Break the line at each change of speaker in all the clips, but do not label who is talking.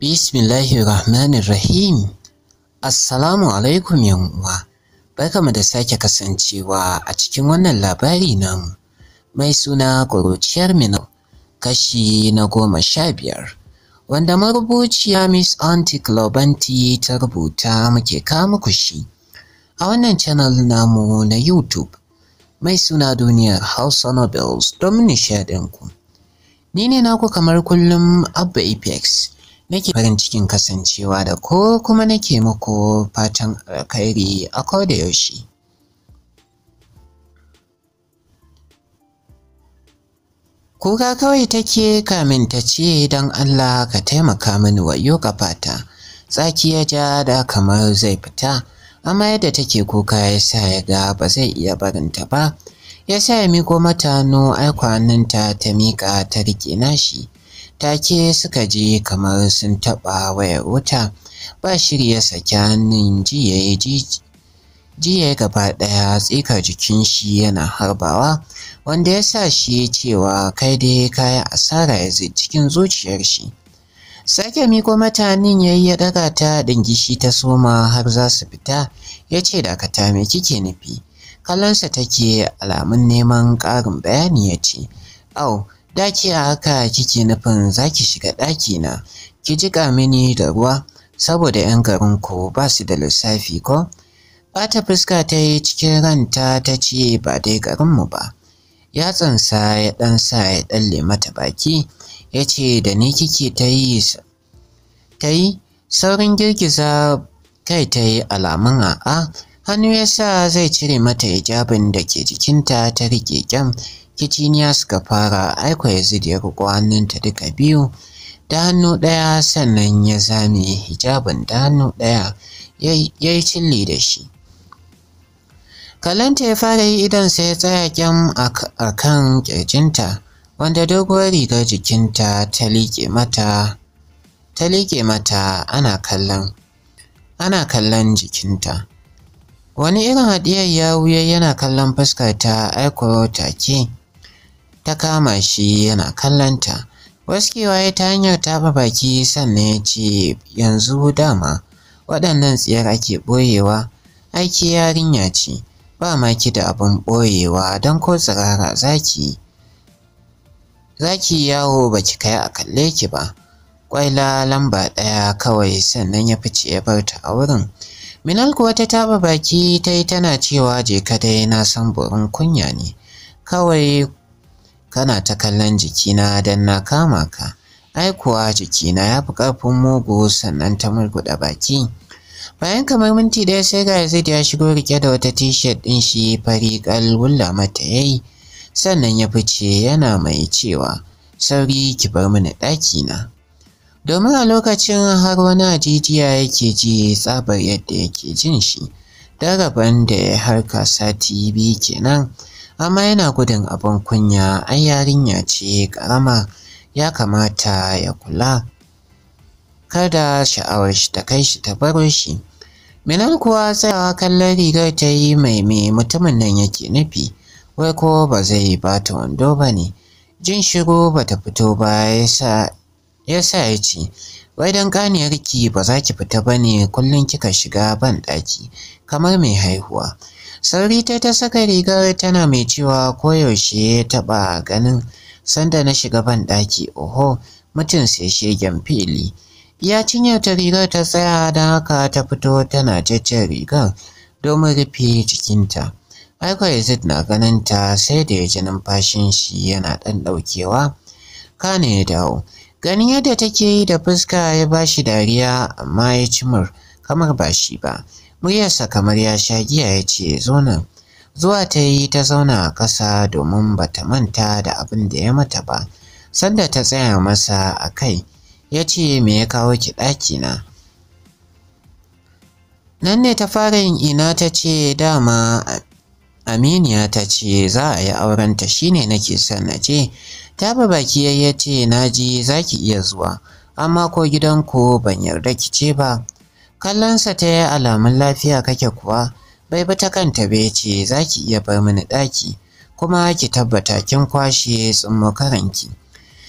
Bismillahirrahmanirrahim. Assalamu alaikum uwa. Barkamu da sake kasancewa a cikin wannan labari namu. Mai suna Kuruciyar Mino, kashi na goma sha biyar. Wanda marubuciya Miss Auntie Clobanti ta rubuta muke kama kushi. A wannan channel namu na YouTube. Mai suna duniyar Hausa Nobels don nishadinku. Ni ne naku kamar kullum Abba Apex. nake farin cikin kasancewa da ko kuma nake muku fatan alkhairi a koda yaushe. Kuka kawai take kamin ta ce don Allah ka taimaka mini wayo kafata, tsaki ya ja da kamar zai fita, amma yadda take kuka ya sa ya ga ba zai iya barinta ba, ya sa ya miko mata hannu ai ta miƙa ta riƙe nashi. take suka ji kamar sun taɓa wayar wuta ba shirya sake hannun jiya gaba ɗaya tsikar jikin shi yana harbawa wanda ya sa shi cewa kai dai kayan asara ya cikin zuciyar shi sake miko mutanen yayi ya ɗaga ta gishi ta soma har za su fita ya ce dakata me kike nufi kallonsa take alamun neman ƙarin bayani ya ce au Dace a haka kike nufin zaki ki shiga na? ki jiƙa mini da ruwa, saboda ‘yan ku ba su da lissafi ko? ta fuska ta yi cikin ranta ta ce ba dai mu ba. tsansa ya dan sa ya ɗalle mata baki, ya ce da ni kike ta yi ta yi saurin girgiza kai ta yi alamun a'a hannu ya sa zai cire mata hijabin da ke jikinta ta riƙe kyam kiciniya suka fara aiko yazid ya riƙo hannunta duka biyu da hannu ɗaya sannan ya zame hijabin da hannu ɗaya ya yi cilli da shi kalanta ya fara yi idan sai ya tsaya kyan a kan ƙirjinta wanda doguwar rigar jikinta ta liƙe mata ana kallon ana kallon jikinta wani irin haɗiyar ya wuya yana kallon fuskar ta aiko take ta kama shi yana kallanta. Waskewa ya ta hanyar taɓa baki sannan ya ce yanzu dama waɗannan tsiyar ake ɓoyewa aiki yarinya ce ba ma ki da abin ɓoyewa don ko tsirara zaki zaki yawo ba ki kai a kalle ki ba ƙwaila lamba ɗaya kawai sannan ya fice ya bar ta a wurin minal kuwa ta taɓa baki ta yi tana cewa je kadai na san burin kunya ne kawai kana ta kallon jikina don na kama ka ai kuwa jikina ya fi ƙarfin mugu sannan ta murguɗa baki bayan kamar minti ɗaya sai ga yazid ya shigo rike da wata t-shirt ɗin shi fari ƙalwulla mata yayi sannan ya fice yana mai cewa sauri ki bar mini na. domin a lokacin har wani ajijiya yake ji tsabar yadda yake jin shi daraban da ya harka sati biyu kenan amma yana gudun abin kunya ai yarinya ce karama ya kamata ya kula kada sha'awar shi ta kai shi ta baro shi Milan kuwa tsayawa kallon rigar ta yi mai me mutumin nan yake nufi wai ko ba zai ba ta wando ba ne jin shiru ba ta fito ba ya sa ya ce wai don ƙaniyarki ba za ki fita ba ne kullum kika shiga ban ɗaki kamar mai haihuwa sauri ta ta saka rigar tana mai cewa koyaushe ya taɓa ganin sanda na shiga ban ɗaki oho mutum sai shegen fili ya cinye ta rigar ta tsaya don haka ta fito tana jajjar rigar domin rufe jikinta Michael Yazid na ganin ta sai da ya ji numfashin shi yana ɗan ɗaukewa kane ya dawo ganin yadda take yi da fuska ya bashi dariya amma ya cimar kamar ba shi ba muryarsa kamar ya sha giya ya ce Zona, zuwa ta yi ta zauna a ƙasa domin ba ta manta da abin da ya mata ba sanda ta tsaya masa a kai ya ce me ya kawo ki ɗakina nan ne ta fara yin ina ta ce dama aminiya ta ce za a yi aurenta ne nake son na ce, ta ba baki ya ce na ji za ki iya zuwa amma ko gidanku ban yarda ki ce ba Kallonsa ta yi alamun lafiya kake kuwa, bai bi ta kanta bai ce za ki iya bar mini ɗaki, kuma ki tabbata kin kwashe tsummokaranki.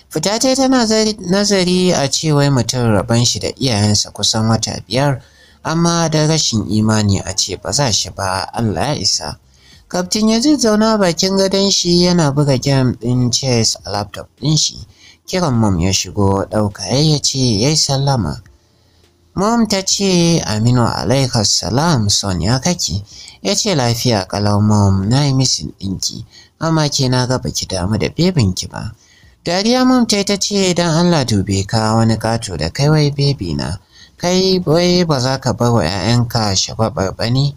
Fita ta tana nazari a cewai mutum rabon shi da iyayensa kusan wata biyar, amma da rashin imani a ce ba za shi ba Allah ya isa. Kaftin ya zauna bakin gadon shi yana buga game ɗin chess a laptop ɗin shi. Kiran mom ya shigo ɗauka ya ce ya yi sallama. Mom ta ce Aminu alaikas salam son ya kake, ya ce lafiya kalau mom na yi misin ɗinki, amma ke na ga baki damu da bebinki ba. Dariya mom ta ta ce don Allah dube ka wani kato da kai wai bebi na, kai wai ba za ka bar wa 'ya'yanka shababar ba ne?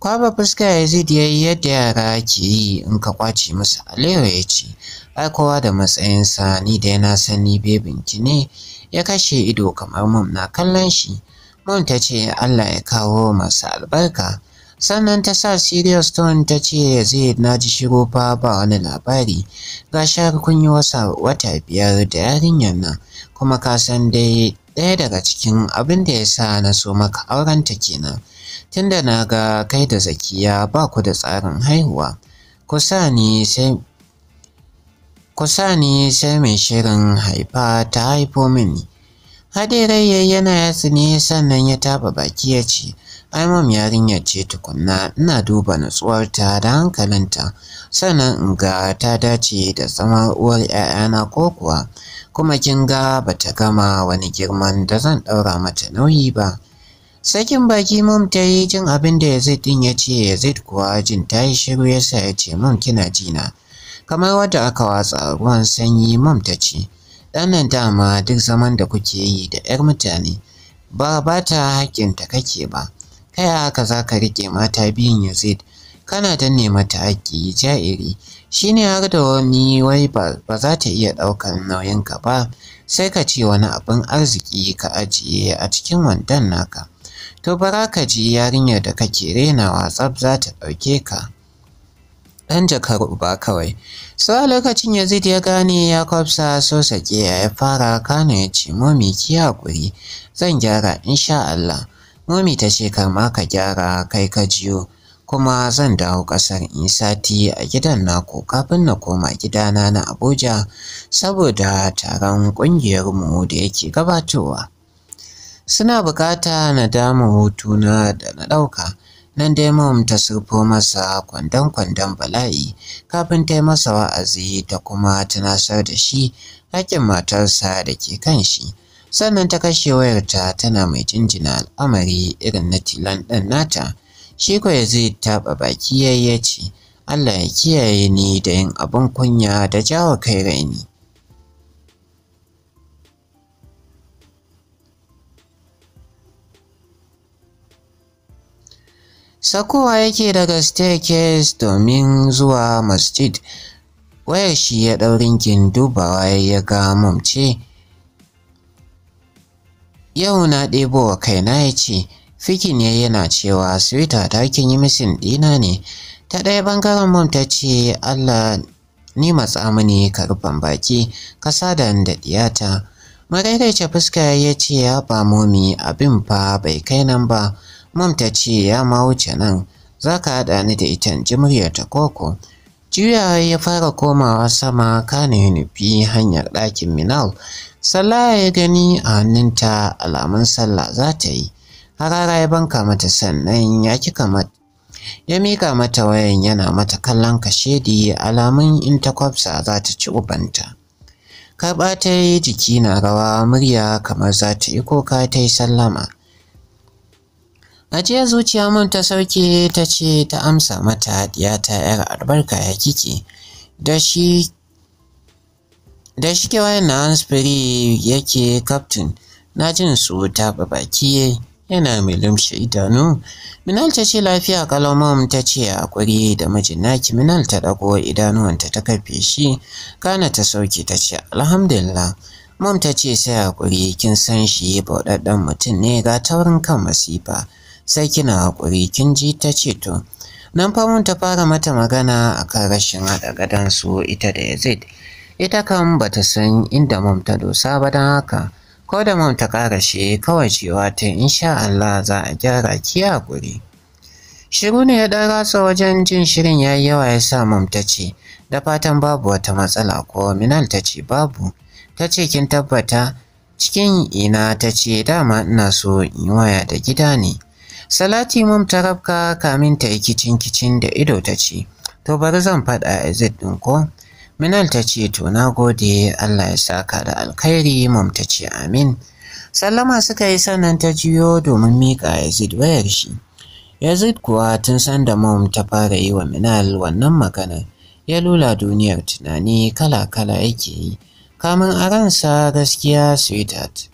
Kwaba fuska Yazid ya yi yadda yara ke yi in ka kwace musu alewa ya ce, ai kowa da matsayinsa ni dai na sani bebinki ne ya kashe ido kamar mum na kallon shi mum ta ce Allah ya kawo masa albarka sannan ta sa serious tone ta ce zai na ji shiru fa ba wani labari ga shar kun yi wasa wata biyar da yarinyar nan kuma ka san dai ɗaya daga cikin abin da ya sa na so maka aurenta kenan tunda na ga kai da zakiya ba ku da tsarin haihuwa sa ni sai kusa ne sai mai shirin haifa ta haifo mini hadirai ya yana yatsu ne sannan ya taba baki ya ce ai mam yarinyar ce tukunna ina duba natsuwarta da hankalinta sannan in ga ta dace da zama uwar 'ya'yana ko kuwa kuma kin ga bata gama wani girman da zan ɗaura mata nauyi ba Sakin baki mum ta yi jin abin da Yazid din ya ce Yazid kuwa jin ta yi shiru ya sa ya ce mam kina jina kamar wadda aka watsa ruwan sanyi mam ta ce ɗannan dama duk zaman da kuke yi da 'yar mutane ba ba ta haƙƙinta kake ba kai haka za ka riƙe mata biyun yazid kana nema ta haƙƙi ja'iri shi ne har da wani wai ba za ta iya ɗaukar nauyinka ba sai ka ce wani abin arziki ka ajiye a cikin wandon naka to bara ka ji yarinyar da kake renawa tsab za ta ɗauke ka ɗan jakar uba kawai a lokacin yazid ya gane ya kwafsa so sake ya fara kano ya ce momi ki haƙuri zan gyara insha Allah momi ta ce kama ka gyara kai ka jiyo kuma zan dawo ƙasar in sati a gidan na ko kafin na koma gidana na Abuja saboda taron ƙungiyarmu da yake gabatowa. Suna buƙata na dama hutuna da na ɗauka nan dai mom ta sufo masa kwandon-kwandon bala'i kafin ta yi masa wa'azi ta kuma tunasar da shi hakkin matarsa da ke kan shi sannan ta kashe wayarta tana mai jinjina al'amari irin na tilan ɗan nata shi ko zai taɓa baki ya ce Allah ya kiyaye ni da yin abin kunya da jawo kai raini sakowa yake daga staircase domin zuwa masjid wayar shi ya rinkin, dubawa ya ga mamce yau na ɗebo wa kaina ya ce fikin ya yana cewa swita ta kin yi misin ɗina ne ta ɗaya ɓangaren mum ta ce allah ni matsa mini ka rufan baki ka sada da ɗiyata ce fuska ya ce ya ba momi abin fa bai kai nan ba Mamta ce ya ma wuce nan, za ka haɗa ni da ita ji ta koko. juya ya fara komawa sama kane nufi hanyar ɗakin Minal. Sallah ya gani a hannunta alamun sallah za ta yi. Harara ya banka mata sannan ya kika mata. Ya mika mata wayan yana mata kallon kashedi alamun in ta kwafsa za ta ci ubanta. Karɓa ta yi jiki na rawa murya kamar za ta yi koka ta yi sallama. A Ajiya zuciya mun ta sauke ta ce ta amsa mata ta ‘yar albarka ya kike da shi da shi na hansfiri yake kaftin na jin su taɓa baki yana mai lumshe idanu minal ta ce lafiya kalomom ta ce a kuri da mijin naki minal ta dago idanuwanta ta kafe shi kana ta sauke ta ce alhamdulillah mom ta ce sai a kuri kin san shi bauɗaɗɗen mutum ne ga taurin kan masifa sai kina haƙuri kin ji ta ce to nan mun ta fara mata magana akan rashin haɗa gadon su ita da yazid ita kan bata san inda mam ta dosa ba don haka ko da mam ta ƙarashe kawai cewa ta insha Allah za a gyara ki haƙuri shiru ne ya ɗan rasa wajen jin shirin ya yawa ya sa mam ta ce da fatan babu wata matsala ko minal ta ce babu ta ce kin tabbata cikin ina ta ce dama ina so in waya da gida ne Salati mum ta rabka kamin ta yi kicin kicin da ido ta ce, To bari zan faɗa a Zid ɗin ko? Minal ta ce, To na gode Allah ya saka da alkhairi mum ta ce amin. Sallama suka yi sanan ta jiyo domin miƙa zid wayar shi. Yazid kuwa tun san da mum ta fara yi wa Minal wannan maganar. ya lula duniyar tunani kala-kala yake yi, kamun a gaskiya sweetheart.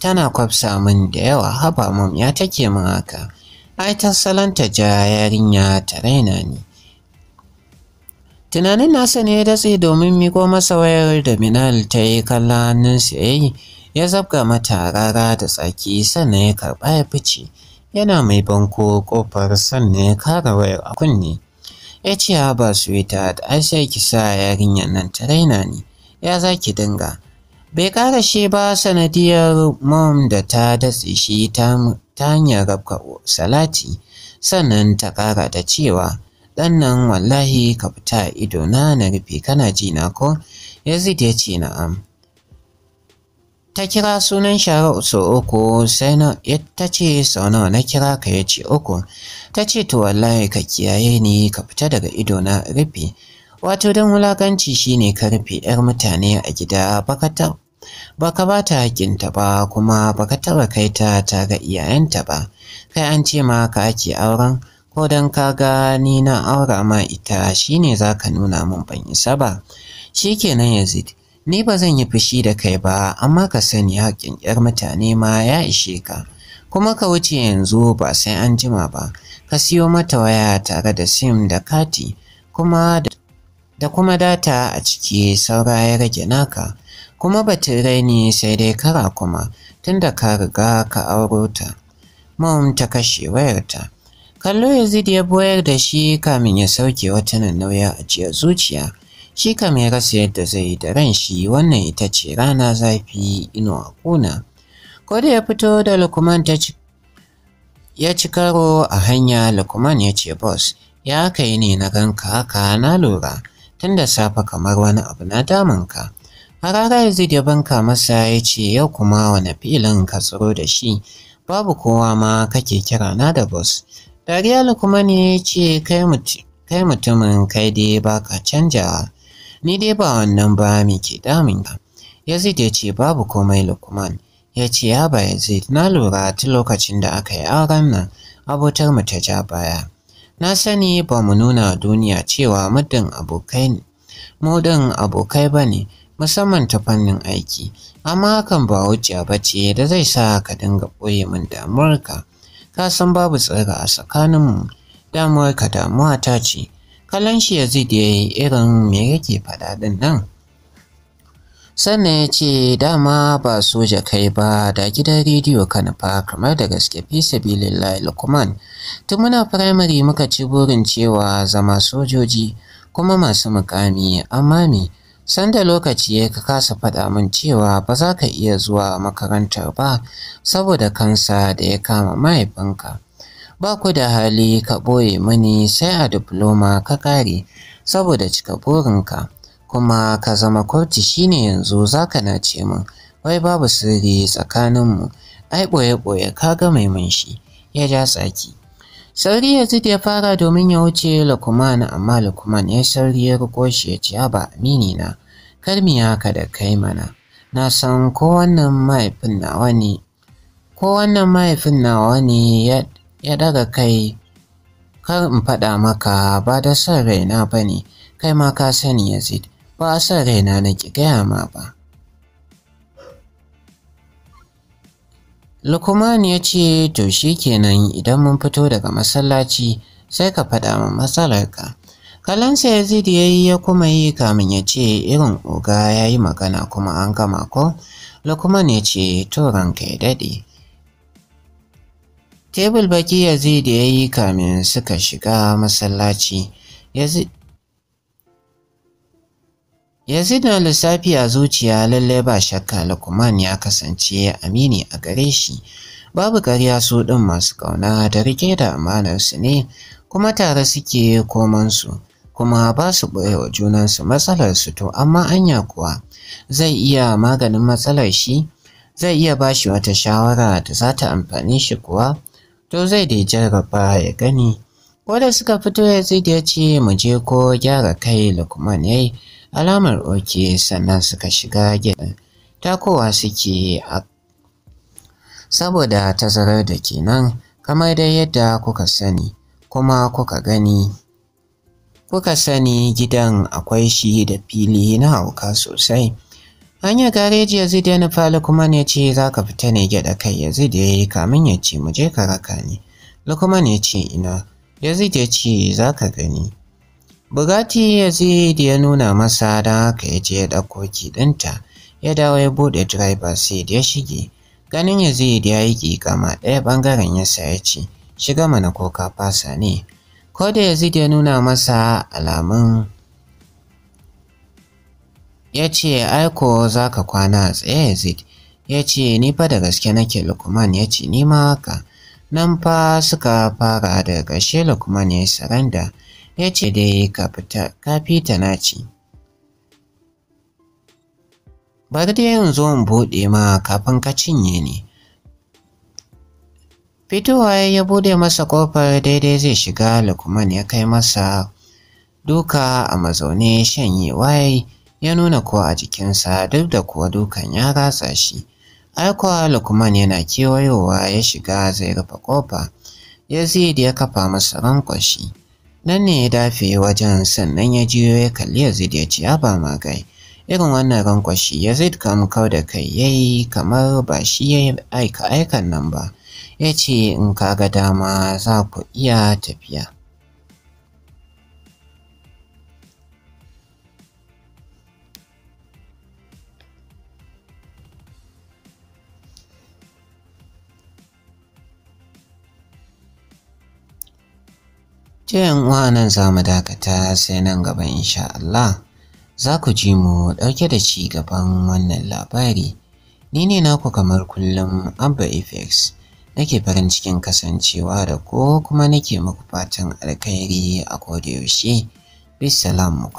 tana kwafsa min da yawa haba mum ya take min haka ai ta salanta ja yarinya ta raina ni tunanin nasa ne ya datse domin miko masa wayar da minal ta yi kalla hannunsa ya ya zabga mata rara da tsaki sannan ya karɓa ya fice yana mai banko kofar sannan ya kara wayar a kunne ya ce haba suita ai sai ki sa yarinyar nan ta raina ni ya za ki dinga bai shi ba sanadiyar mom da ta datse shi ta hanyar rabka salati sannan ta ƙara da cewa ɗannan wallahi ka fita ido na na rufe kana ji na ko yazid ya ce na'am ta kira sunan shara so uku sai na ta ce sau nawa na kira ka ya ce uku ta ce to wallahi ka kiyaye ni ka fita daga ido na rufe wato don wulakanci shine ne karfe 'yar mutane a gida baka ka ba ta ba kuma baka taɓa kai ta ta ga iyayenta ba kai an ce ma ka ake auren ko don ka ga ni na aura ma ita shine ka nuna min ban isa ba shi shikenan Yazid ni ba zan yi fushi da kai ba amma ka sani haƙƙin 'yar mutane ma ya ishe ka kuma ka wuce yanzu ba sai an jima ba ka siyo mata waya tare da sim da kati kuma da da kuma data a ciki saura ya rage naka kuma batirai ne sai dai kara kuma tunda ka riga ka auro ta mom ta kashe wayarta kallo da ya boyar da shi kamin ya sauke wata a ajiyar zuciya shi kam ya rasa yadda zai yi da ran shi wannan ita ce rana zafi a kuna ko da ya fito da lukman ta ci ya ci karo a hanya lukman ya ce "Bos, ya kai ne na ganka haka na lura tun da safe kamar wani abu na ka. Harara Yazid ya banka masa ya ce yau kuma wani filin ka tsoro da shi, babu kowa ma kake kira na da bos. Dariya kuma ne ya ce kai mutumin kai dai baka canjawa, ni dai ba wannan ba mai ke daminka Yazid ya ce babu komai Lukman. ya ce ya ba Yazid na lura tun lokacin da aka yi auren nan abotar mu ta ja baya. na sani ba mu nuna duniya cewa muddin abokai ne mudin abokai ba ne musamman ta fannin aiki amma hakan ba wuce ba ce da zai sa ka dinga ɓoye min damuwarka ka san babu tsira a tsakaninmu damuwarka damuwa ta ce kallon shi yazid ya yi irin me yake faɗa ɗin nan sannan ya ce dama ba soja kai ba da gidan rediyo kan fa kamar da gaske fi sabilillahi lukman tun muna firamare muka ci burin cewa zama sojoji kuma masu mukami amma me sanda lokaci ya ka kasa faɗa min cewa ba za ka iya zuwa makarantar ba saboda kansa da ya kama mahaifinka ba ku da hali ka ɓoye mini sai a diploma ka ƙare saboda cika burinka kuma ka zama shi shine yanzu zaka na ce min wai babu sirri tsakaninmu ai boye-boye ka ga mai shi ya ja tsaki sauri ya ya fara domin ya wuce lukuman amma lukuman ya sauri ya riko shi ya ce haba amini na kar haka da kai mana na san ko wannan mahaifin nawa ne ko wannan mahaifin nawa ne ya daga kai kar in faɗa maka ba da son raina ba ne kai ma ka sani yazid ba a raina na ki gaya ma ba. Lukman ya ce to shi kenan idan mun fito daga masallaci sai ka faɗa min matsalarka. Kalansa zidi ya yi ya kuma yi kamin ya ce irin oga ya yi magana kuma an gama ko? Lukman ya ce to ranka ya daɗe. Tebul baki zidi ya yi kamin suka shiga masallaci. Yanzu da lissafi a zuciya lalle ba shakka Lukman ya kasance amini a gare shi. Babu ƙarya su ɗin masu ƙauna da rike da amanarsu ne kuma tare suke komansu kuma ba su ɓoye wa junansu su to amma anya kuwa zai iya maganin matsalar shi zai iya ba shi wata shawara da za ta amfani shi kuwa to zai dai jarraba ya gani. Ko suka fito ya zai da ya ce mu je ko gyara kai Lukman yayi alamar oke sannan suka shiga gidan kowa suke a saboda tazarar da kenan kamar dai yadda kuka sani kuma kuka gani kuka sani gidan akwai shi da fili na hauka sosai hanyar gareji ya zide na fali kuma ne ce za ka fita ne gyaɗa kai ya zide ya yi kamin ya ce mu je ka raka ne ya ce ina ya zide ce za ka gani Bugatti Yazid ya nuna masa da haka ya je ya ɗauko ya dawo ya buɗe driver seat ya shige. Ganin Yazid ya yi kama, ɗaya ɓangaren ya sa ya ce, shiga mana ko ka fasa ne. Ko da Yazid ya nuna masa alamun ya ce aiko za ka kwana tsaye Yazid. Ya ce ni fa da gaske nake Lukman ya ce ni ma haka. Nan fa suka fara da ƙarshe Lukman ya yi saranda. ya ce dai kafi fita na ci. Bari dai yanzu in buɗe ma kafin ka cinye ni. Fitowa ya buɗe masa ƙofar daidai zai shiga Lukman ya kai masa duka a mazaune shanye. Waye ya nuna ko a jikinsa duk da kuwa dukan ya rasa shi. Aikuwa Lukman yana kewayowa ya shiga zai rufe ƙofa. da ya kafa masa rankwashi. nan ne ya dafe wajen sannan ya jiyo ya kalli Yazid ya ce ya ba gai? irin wannan rankwashi Yazid kam kau da kai yi kamar ba shi ya aika aikan nan ba ya ce in ka ga dama za ku iya tafiya Jiyan uwa nan za mu dakata sai nan gaba insha Allah za ku ji mu ɗauke da ci gaban wannan labari. Ni ne naku kamar kullum Abba FX nake farin cikin kasancewa da ko kuma nake muku fatan alkhairi a yaushe Bisalam